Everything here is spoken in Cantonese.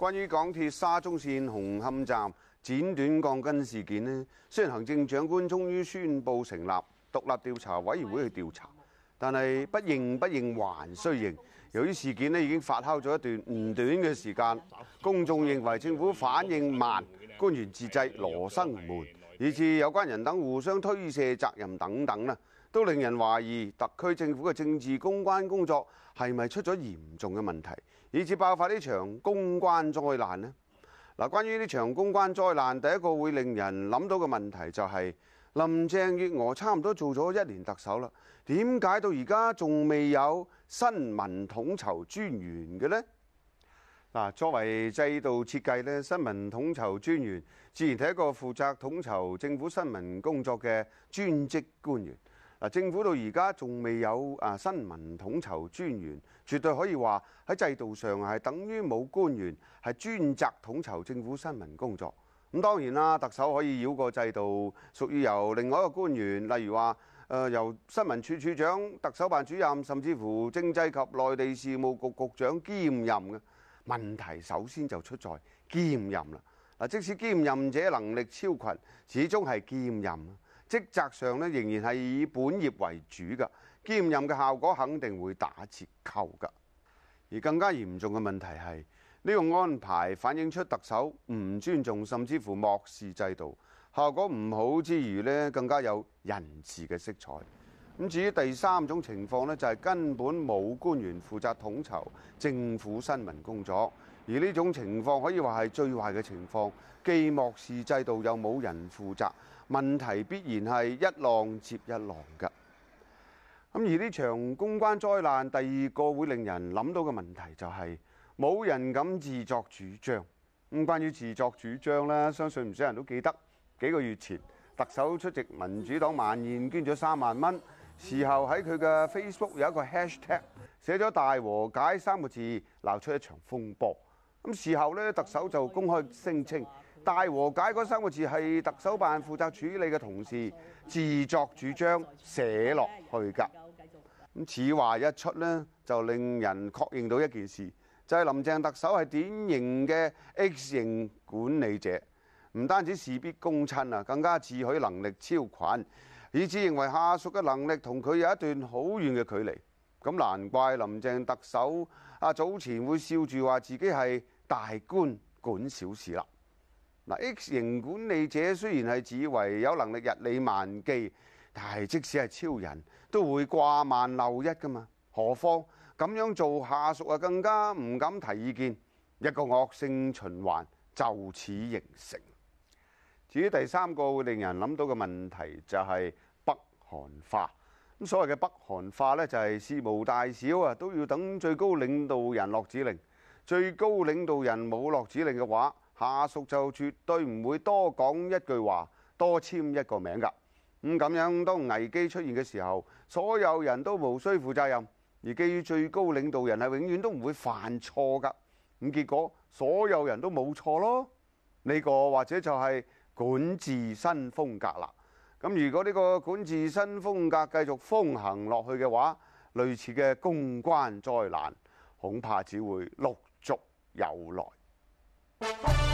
關於港鐵沙中線紅磡站剪短鋼筋事件呢，雖然行政長官終於宣布成立獨立調查委員會去調查，但係不認不認還需認。由於事件呢已經發酵咗一段唔短嘅時間，公眾認為政府反應慢，官員自製羅生門，以致有關人等互相推卸責任等等啦。都令人懷疑特區政府嘅政治公關工作係咪出咗嚴重嘅問題，以致爆發呢場公關災難呢？嗱，關於呢場公關災難，第一個會令人諗到嘅問題就係林鄭月娥差唔多做咗一年特首啦，點解到而家仲未有新聞統籌專員嘅呢？嗱，作為制度設計呢，新聞統籌專員自然係一個負責統籌政府新聞工作嘅專職官員。嗱，政府到而家仲未有啊新聞統籌專員，絕對可以話喺制度上係等於冇官員係專責統籌政府新聞工作。咁當然啦，特首可以繞過制度，屬於由另外一個官員，例如話誒由新聞處處長、特首辦主任，甚至乎政制及內地事務局局局長兼任嘅問題，首先就出在兼任啦。嗱，即使兼任者能力超群，始終係兼任。職責上咧仍然係以本業為主㗎，兼任嘅效果肯定會打折扣㗎。而更加嚴重嘅問題係呢個安排反映出特首唔尊重甚至乎漠視制度，效果唔好之餘咧，更加有人治嘅色彩。咁至於第三種情況呢，就係根本冇官員負責統籌政府新聞工作，而呢種情況可以話係最壞嘅情況，既漠視制度又冇人負責，問題必然係一浪接一浪㗎。咁而呢場公關災難，第二個會令人諗到嘅問題就係冇人敢自作主張。咁關於自作主張呢，相信唔少人都記得幾個月前特首出席民主黨晚宴，捐咗三萬蚊。事後喺佢嘅 Facebook 有一個 hashtag，寫咗大和解三個字，鬧出一場風波。咁事後呢，特首就公開聲稱，大和解嗰三個字係特首辦負責處理嘅同事自作主張寫落去㗎。咁此話一出呢，就令人確認到一件事，就係林鄭特首係典型嘅 X 型管理者，唔單止事必躬親啊，更加自許能力超群。以致認為下屬嘅能力同佢有一段好遠嘅距離，咁難怪林鄭特首啊早前會笑住話自己係大官管小事啦。嗱，X 型管理者雖然係自以為有能力日理萬機，但係即使係超人都會掛萬漏一噶嘛，何況咁樣做下屬啊更加唔敢提意見，一個惡性循環就此形成。至於第三個會令人諗到嘅問題就係北韓化。咁所謂嘅北韓化呢，就係事無大小啊，都要等最高領導人落指令。最高領導人冇落指令嘅話，下屬就絕對唔會多講一句話、多簽一個名㗎。咁咁樣當危機出現嘅時候，所有人都無需負責任，而基於最高領導人係永遠都唔會犯錯㗎。咁結果所有人都冇錯咯。呢個或者就係、是管治新風格啦，咁如果呢個管治新風格繼續風行落去嘅話，類似嘅公關災難恐怕只會陸續有來。